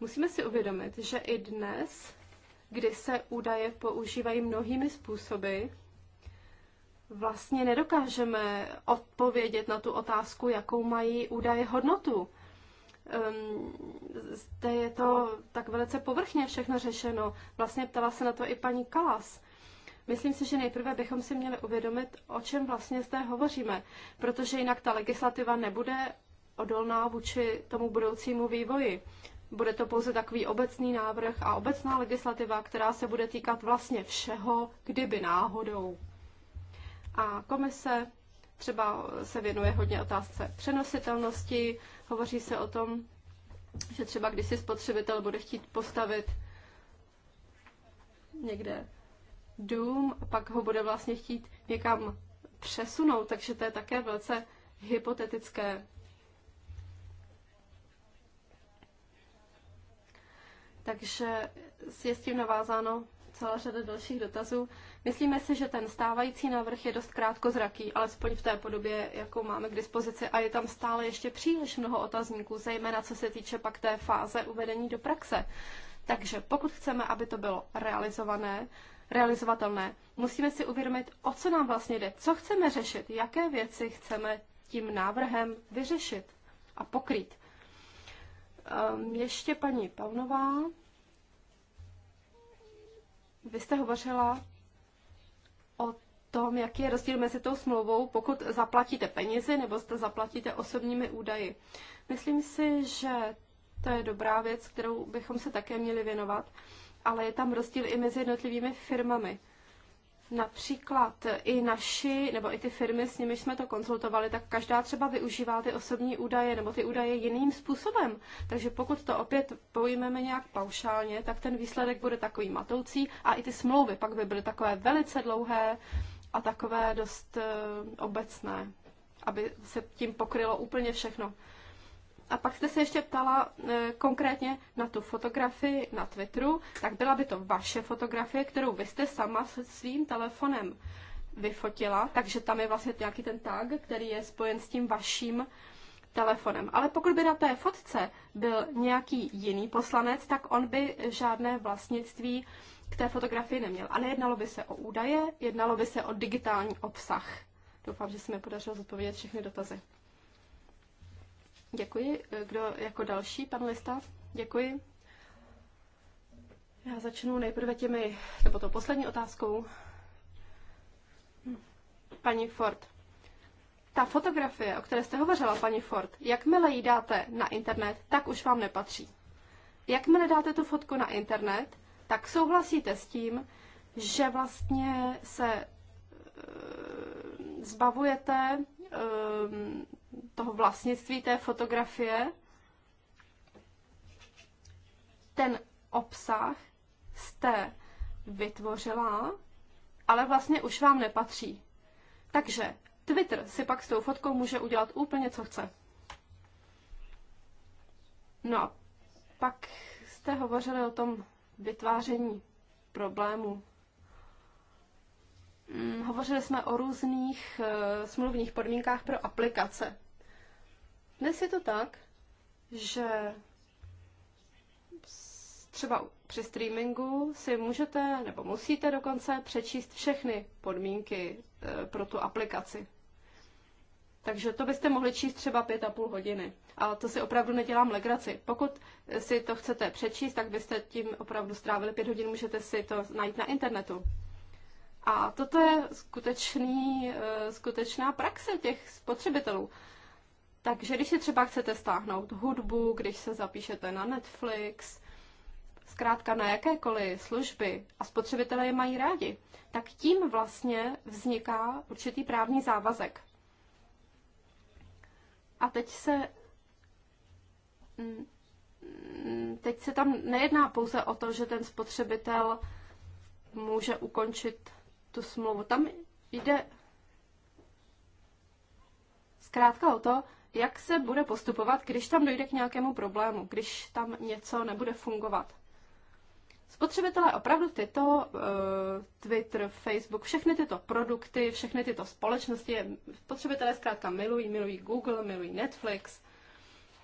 Musíme si uvědomit, že i dnes, kdy se údaje používají mnohými způsoby, vlastně nedokážeme odpovědět na tu otázku, jakou mají údaje hodnotu. Um, zde je to tak velice povrchně všechno řešeno. Vlastně ptala se na to i paní Kalas. Myslím si, že nejprve bychom si měli uvědomit, o čem vlastně zde hovoříme, protože jinak ta legislativa nebude odolná vůči tomu budoucímu vývoji. Bude to pouze takový obecný návrh a obecná legislativa, která se bude týkat vlastně všeho, kdyby náhodou. A komise třeba se věnuje hodně otázce přenositelnosti, hovoří se o tom, že třeba když si spotřebitel bude chtít postavit někde dům a pak ho bude vlastně chtít někam přesunout, takže to je také velice hypotetické. Takže je s tím navázáno celá řada dalších dotazů. Myslíme si, že ten stávající návrh je dost krátkozraký, alespoň v té podobě, jakou máme k dispozici, a je tam stále ještě příliš mnoho otazníků, zejména co se týče pak té fáze uvedení do praxe. Takže pokud chceme, aby to bylo realizované, realizovatelné. Musíme si uvědomit, o co nám vlastně jde, co chceme řešit, jaké věci chceme tím návrhem vyřešit a pokrýt. Ehm, ještě paní Pavnová, vy jste hovořila o tom, jaký je rozdíl mezi tou smlouvou, pokud zaplatíte penězi nebo jste zaplatíte osobními údaji. Myslím si, že to je dobrá věc, kterou bychom se také měli věnovat ale je tam rozdíl i mezi jednotlivými firmami. Například i naši, nebo i ty firmy, s nimi jsme to konzultovali, tak každá třeba využívá ty osobní údaje nebo ty údaje jiným způsobem. Takže pokud to opět pojmeme nějak paušálně, tak ten výsledek bude takový matoucí a i ty smlouvy pak by byly takové velice dlouhé a takové dost eh, obecné, aby se tím pokrylo úplně všechno. A pak jste se ještě ptala e, konkrétně na tu fotografii na Twitteru, tak byla by to vaše fotografie, kterou vy jste sama se svým telefonem vyfotila, takže tam je vlastně nějaký ten tag, který je spojen s tím vaším telefonem. Ale pokud by na té fotce byl nějaký jiný poslanec, tak on by žádné vlastnictví k té fotografii neměl. A nejednalo by se o údaje, jednalo by se o digitální obsah. Doufám, že se mi podařilo zodpovědět všechny dotazy. Děkuji. Kdo jako další panelista? Děkuji. Já začnu nejprve těmi, nebo tou poslední otázkou. Paní Ford. Ta fotografie, o které jste hovořila, paní Ford, jakmile ji dáte na internet, tak už vám nepatří. Jakmile dáte tu fotku na internet, tak souhlasíte s tím, že vlastně se eh, zbavujete ehm, toho vlastnictví té fotografie, ten obsah jste vytvořila, ale vlastně už vám nepatří. Takže Twitter si pak s tou fotkou může udělat úplně, co chce. No a pak jste hovořili o tom vytváření problémů. Mm, hovořili jsme o různých eh, smluvních podmínkách pro aplikace. Dnes je to tak, že třeba při streamingu si můžete nebo musíte dokonce přečíst všechny podmínky eh, pro tu aplikaci. Takže to byste mohli číst třeba pět a půl hodiny. A to si opravdu nedělám legraci. Pokud eh, si to chcete přečíst, tak byste tím opravdu strávili pět hodin, můžete si to najít na internetu. A toto je skutečný, eh, skutečná praxe těch spotřebitelů. Takže když si třeba chcete stáhnout hudbu, když se zapíšete na Netflix, zkrátka na jakékoliv služby a spotřebitelé je mají rádi, tak tím vlastně vzniká určitý právní závazek. A teď se mm, mm, teď se tam nejedná pouze o to, že ten spotřebitel může ukončit tu smlouvu. Tam jde zkrátka o to, jak se bude postupovat, když tam dojde k nějakému problému, když tam něco nebude fungovat. Spotřebitelé opravdu tyto uh, Twitter, Facebook, všechny tyto produkty, všechny tyto společnosti, spotřebitelé zkrátka milují, milují Google, milují Netflix.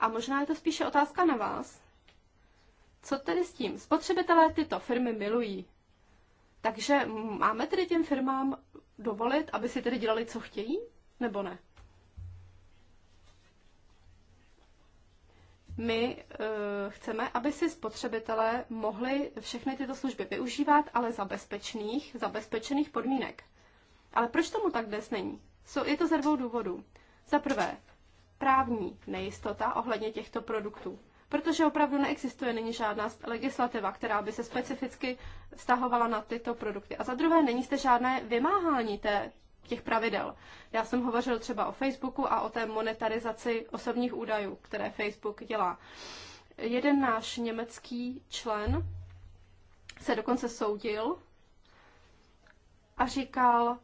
A možná je to spíše otázka na vás. Co tedy s tím? Spotřebitelé tyto firmy milují. Takže máme tedy těm firmám dovolit, aby si tedy dělali, co chtějí, nebo ne? my uh, chceme, aby si spotřebitelé mohli všechny tyto služby využívat, ale za bezpečných, za bezpečených podmínek. Ale proč tomu tak dnes není? So, je to ze dvou důvodů. Za prvé, právní nejistota ohledně těchto produktů. Protože opravdu neexistuje nyní žádná legislativa, která by se specificky stahovala na tyto produkty. A za druhé, není zde žádné vymáhání té těch pravidel. Já jsem hovořil třeba o Facebooku a o té monetarizaci osobních údajů, které Facebook dělá. Jeden náš německý člen se dokonce soudil a říkal,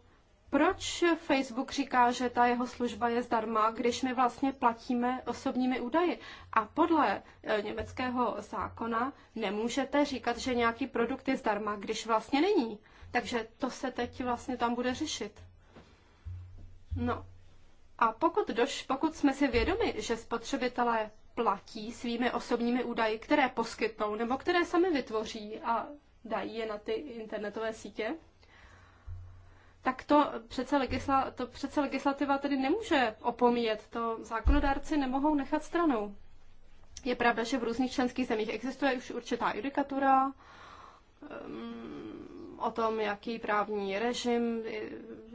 proč Facebook říká, že ta jeho služba je zdarma, když my vlastně platíme osobními údaji? A podle e, německého zákona nemůžete říkat, že nějaký produkt je zdarma, když vlastně není. Takže to se teď vlastně tam bude řešit. No a pokud, doš, pokud jsme si vědomi, že spotřebitelé platí svými osobními údaji, které poskytnou nebo které sami vytvoří a dají je na ty internetové sítě, tak to přece, legisla, to přece legislativa tedy nemůže opomíjet. To zákonodárci nemohou nechat stranou. Je pravda, že v různých členských zemích existuje už určitá judikatura um, o tom, jaký právní režim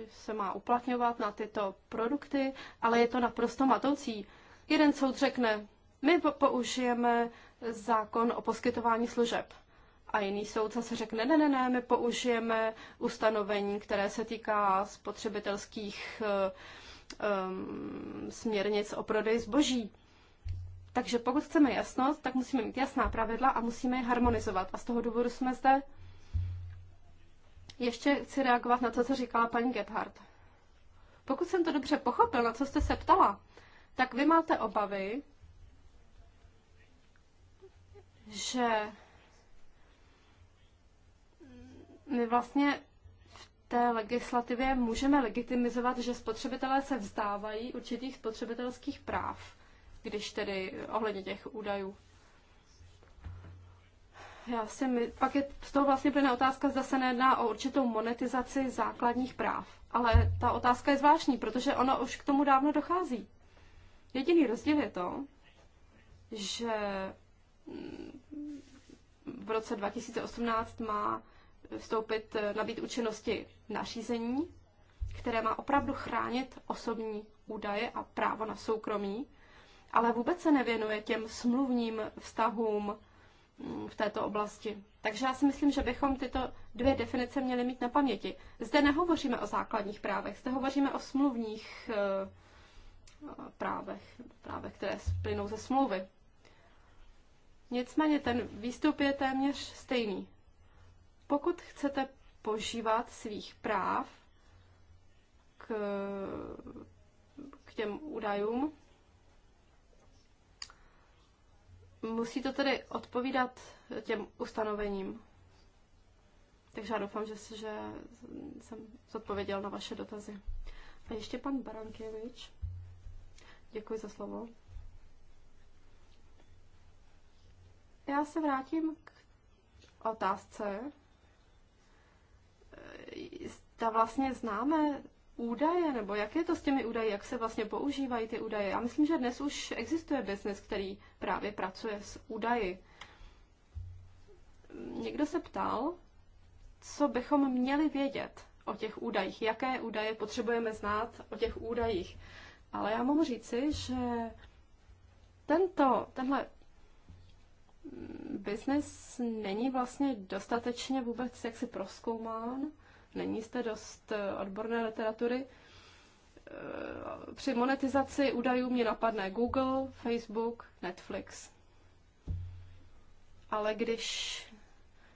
se má uplatňovat na tyto produkty, ale je to naprosto matoucí. Jeden soud řekne, my použijeme zákon o poskytování služeb. A jiný soud zase řekne, ne, ne, ne, my použijeme ustanovení, které se týká spotřebitelských um, směrnic o prodeji zboží. Takže pokud chceme jasnost, tak musíme mít jasná pravidla a musíme je harmonizovat. A z toho důvodu jsme zde. Ještě chci reagovat na to, co říkala paní Gebhardt. Pokud jsem to dobře pochopil, na co jste se ptala, tak vy máte obavy, že my vlastně v té legislativě můžeme legitimizovat, že spotřebitelé se vzdávají určitých spotřebitelských práv, když tedy ohledně těch údajů já si my, pak je z toho vlastně plyne otázka, zda se nejedná o určitou monetizaci základních práv. Ale ta otázka je zvláštní, protože ono už k tomu dávno dochází. Jediný rozdíl je to, že mm, v roce 2018 má vstoupit, eh, nabít účinnosti nařízení, které má opravdu chránit osobní údaje a právo na soukromí, ale vůbec se nevěnuje těm smluvním vztahům v této oblasti. Takže já si myslím, že bychom tyto dvě definice měli mít na paměti. Zde nehovoříme o základních právech, zde hovoříme o smluvních eh, právech, právech, které splynou ze smlouvy. Nicméně ten výstup je téměř stejný. Pokud chcete požívat svých práv k, k těm údajům, Musí to tedy odpovídat těm ustanovením. Takže já doufám, že, si, že jsem zodpověděl na vaše dotazy. A ještě pan Barankěvič. Děkuji za slovo. Já se vrátím k otázce. Ta e, vlastně známe údaje, nebo jak je to s těmi údaji, jak se vlastně používají ty údaje. Já myslím, že dnes už existuje biznes, který právě pracuje s údaji. Někdo se ptal, co bychom měli vědět o těch údajích, jaké údaje potřebujeme znát o těch údajích. Ale já mohu říci, že tento, tenhle biznis není vlastně dostatečně vůbec jaksi proskoumán není zde dost eh, odborné literatury. Eh, při monetizaci údajů mě napadne Google, Facebook, Netflix. Ale když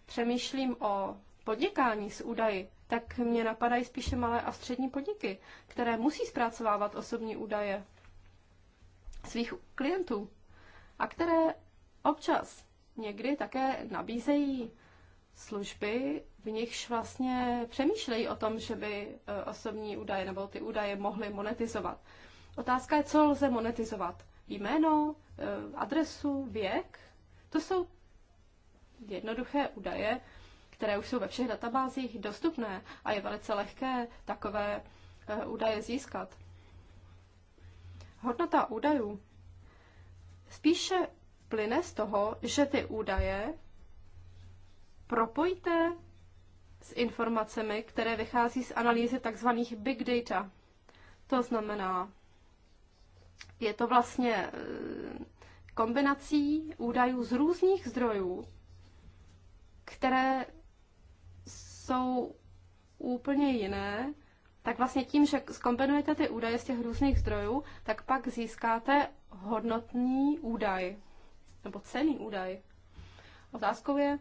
přemýšlím o podnikání s údaji, tak mě napadají spíše malé a střední podniky, které musí zpracovávat osobní údaje svých klientů a které občas někdy také nabízejí služby, v nichž vlastně přemýšlejí o tom, že by e, osobní údaje nebo ty údaje mohly monetizovat. Otázka je, co lze monetizovat. Jméno, e, adresu, věk, to jsou jednoduché údaje, které už jsou ve všech databázích dostupné a je velice lehké takové e, údaje získat. Hodnota údajů spíše plyne z toho, že ty údaje propojte s informacemi, které vychází z analýzy tzv. big data. To znamená, je to vlastně eh, kombinací údajů z různých zdrojů, které jsou úplně jiné, tak vlastně tím, že zkombinujete ty údaje z těch různých zdrojů, tak pak získáte hodnotný údaj, nebo cený údaj. Otázkou je,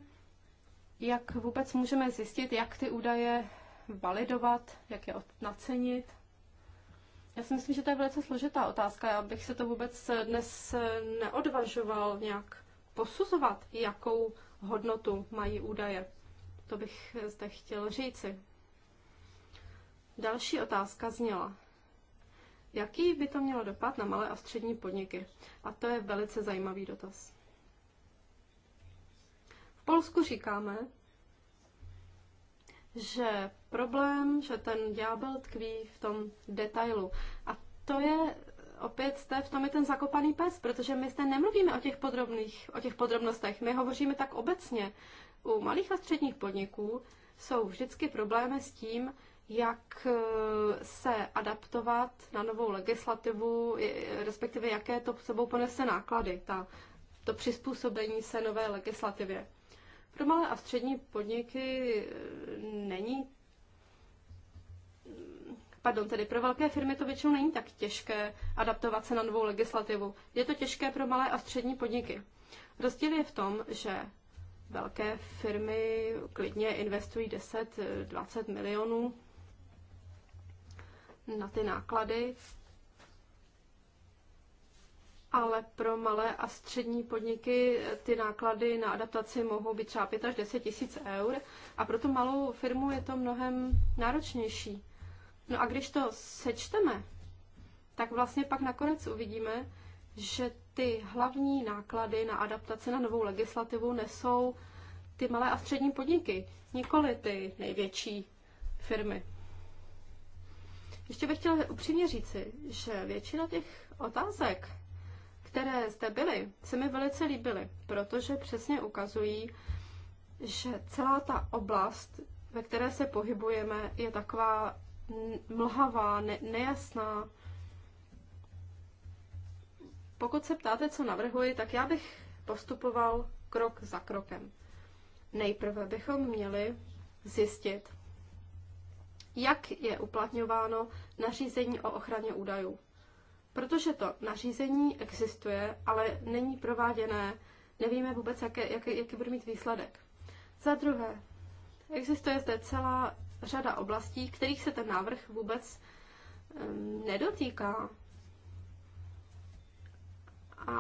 jak vůbec můžeme zjistit, jak ty údaje validovat, jak je nacenit. Já si myslím, že to je velice složitá otázka. Já bych se to vůbec dnes eh, neodvažoval nějak posuzovat, jakou hodnotu mají údaje. To bych eh, zde chtěl říci. Další otázka zněla. Jaký by to mělo dopad na malé a střední podniky? A to je velice zajímavý dotaz. Polsku říkáme, že problém, že ten ďábel tkví v tom detailu. A to je opět jste, v tom je ten zakopaný pes, protože my zde nemluvíme o těch, podrobných, o těch podrobnostech, my hovoříme tak obecně. U malých a středních podniků jsou vždycky problémy s tím, jak eh, se adaptovat na novou legislativu, respektive jaké to sebou ponese náklady, ta, to přizpůsobení se nové legislativě. Pro malé a střední podniky eh, není pardon, tedy pro velké firmy to většinou není tak těžké adaptovat se na novou legislativu. Je to těžké pro malé a střední podniky. Rozdíl je v tom, že velké firmy klidně investují 10-20 milionů na ty náklady ale pro malé a střední podniky eh, ty náklady na adaptaci mohou být třeba 5 až 10 tisíc eur a pro tu malou firmu je to mnohem náročnější. No a když to sečteme, tak vlastně pak nakonec uvidíme, že ty hlavní náklady na adaptaci na novou legislativu nesou ty malé a střední podniky, nikoli ty největší firmy. Ještě bych chtěla upřímně říci, že většina těch otázek, které zde byly, se mi velice líbily, protože přesně ukazují, že celá ta oblast, ve které se pohybujeme, je taková mlhavá, ne- nejasná. Pokud se ptáte, co navrhuji, tak já bych postupoval krok za krokem. Nejprve bychom měli zjistit, jak je uplatňováno nařízení o ochraně údajů. Protože to nařízení existuje, ale není prováděné, nevíme vůbec, jaké, jaký, jaký bude mít výsledek. Za druhé, existuje zde celá řada oblastí, kterých se ten návrh vůbec um, nedotýká. A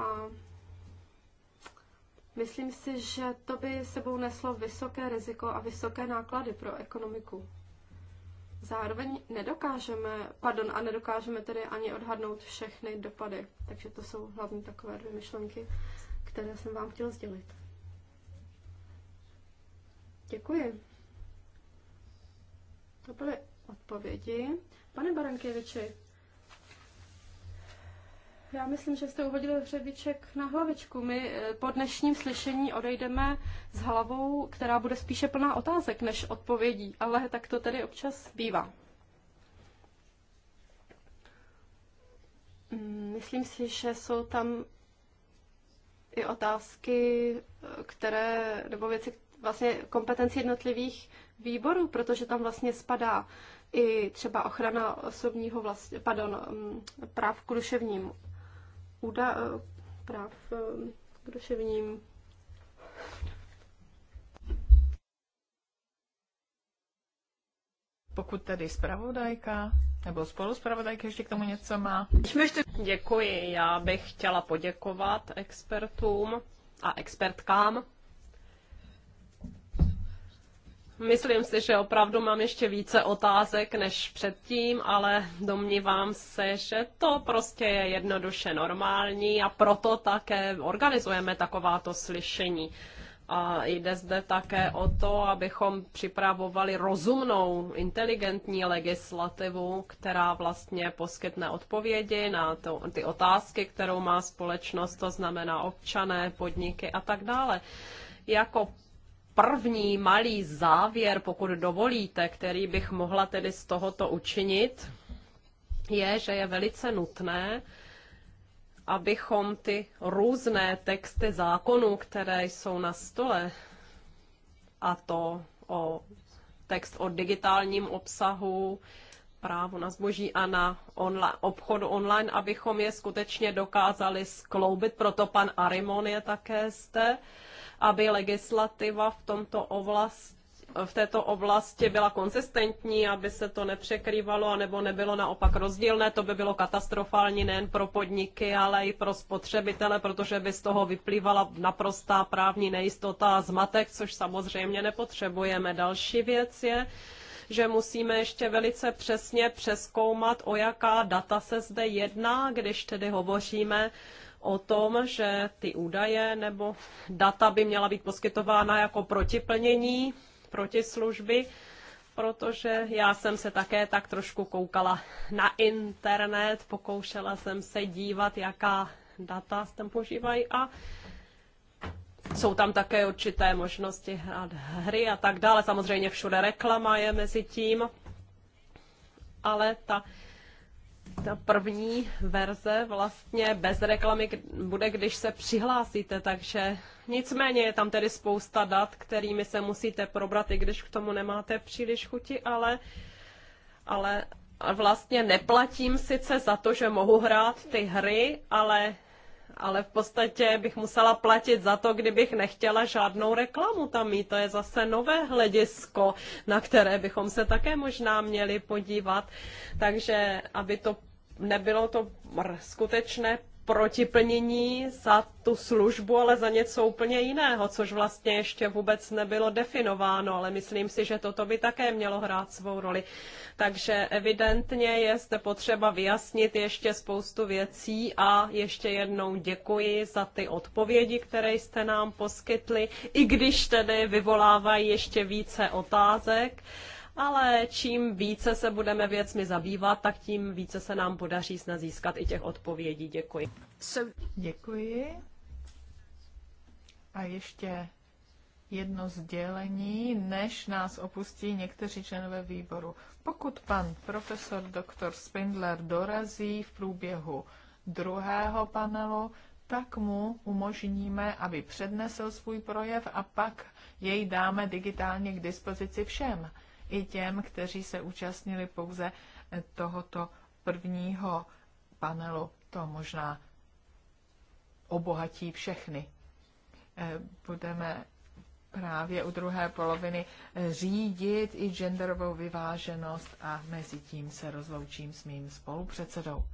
myslím si, že to by sebou neslo vysoké riziko a vysoké náklady pro ekonomiku. Zároveň nedokážeme, pardon, a nedokážeme tedy ani odhadnout všechny dopady. Takže to jsou hlavně takové dvě myšlenky, které jsem vám chtěl sdělit. Děkuji. To byly odpovědi. Pane Barankěviči, já myslím, že jste uhodil hřebíček na hlavičku. My eh, po dnešním slyšení odejdeme s hlavou, která bude spíše plná otázek než odpovědí, ale tak to tedy občas bývá. Mm, myslím si, že jsou tam i otázky, eh, které, nebo věci, vlastně kompetenci jednotlivých výborů, protože tam vlastně spadá i třeba ochrana osobního vlastně, pardon, mm, práv k duševnímu úda, eh, práv eh, k duševním Pokud tedy zpravodajka nebo spoluzpravodajka ještě k tomu něco má. Děkuji, já bych chtěla poděkovat expertům a expertkám Myslím si, že opravdu mám ještě více otázek než předtím, ale domnívám se, že to prostě je jednoduše normální a proto také organizujeme takováto slyšení. A jde zde také o to, abychom připravovali rozumnou, inteligentní legislativu, která vlastně poskytne odpovědi na to, ty otázky, kterou má společnost, to znamená občané, podniky a tak dále. Jako první malý závěr, pokud dovolíte, který bych mohla tedy z tohoto učinit, je, že je velice nutné, abychom ty různé texty zákonů, které jsou na stole, a to o text o digitálním obsahu, právo na zboží a na onla- obchodu online, abychom je skutečně dokázali skloubit. Proto pan Arimon je také zde. Uh, aby legislativa v tomto oblast v této oblasti byla konzistentní, aby se to nepřekrývalo nebo nebylo naopak rozdílné. To by bylo katastrofální nejen pro podniky, ale i pro spotřebitele, protože by z toho vyplývala naprostá právní nejistota a zmatek, což samozřejmě nepotřebujeme. Další věc je, že musíme ještě velice přesně přeskoumat, o jaká data se zde jedná, když tedy hovoříme o tom, že ty údaje nebo data by měla být poskytována jako protiplnění, proti služby, protože já jsem se také tak trošku koukala na internet, pokoušela jsem se dívat, jaká data tam používají a jsou tam také určité možnosti hrát hry a tak dále. Samozřejmě všude reklama je mezi tím, ale ta ta první verze vlastně bez reklamy bude, když se přihlásíte, takže nicméně je tam tedy spousta dat, kterými se musíte probrat, i když k tomu nemáte příliš chuti, ale, ale vlastně neplatím sice za to, že mohu hrát ty hry, ale ale v podstatě bych musela platit za to, kdybych nechtěla žádnou reklamu tam mít. To je zase nové hledisko, na které bychom se také možná měli podívat. Takže aby to nebylo to skutečné protiplnění za tu službu, ale za něco úplně jiného, což vlastně ještě vůbec nebylo definováno, ale myslím si, že toto by také mělo hrát svou roli. Takže evidentně je zde potřeba vyjasnit ještě spoustu věcí a ještě jednou děkuji za ty odpovědi, které jste nám poskytli, i když tedy vyvolávají ještě více otázek ale čím více se budeme věcmi zabývat, tak tím více se nám podaří snad získat i těch odpovědí. Děkuji. Děkuji. A ještě jedno sdělení, než nás opustí někteří členové výboru. Pokud pan profesor dr. Spindler dorazí v průběhu druhého panelu, tak mu umožníme, aby přednesl svůj projev a pak jej dáme digitálně k dispozici všem i těm, kteří se účastnili pouze eh, tohoto prvního panelu. To možná obohatí všechny. Eh, budeme právě u druhé poloviny eh, řídit i genderovou vyváženost a mezi tím se rozloučím s mým spolupředsedou.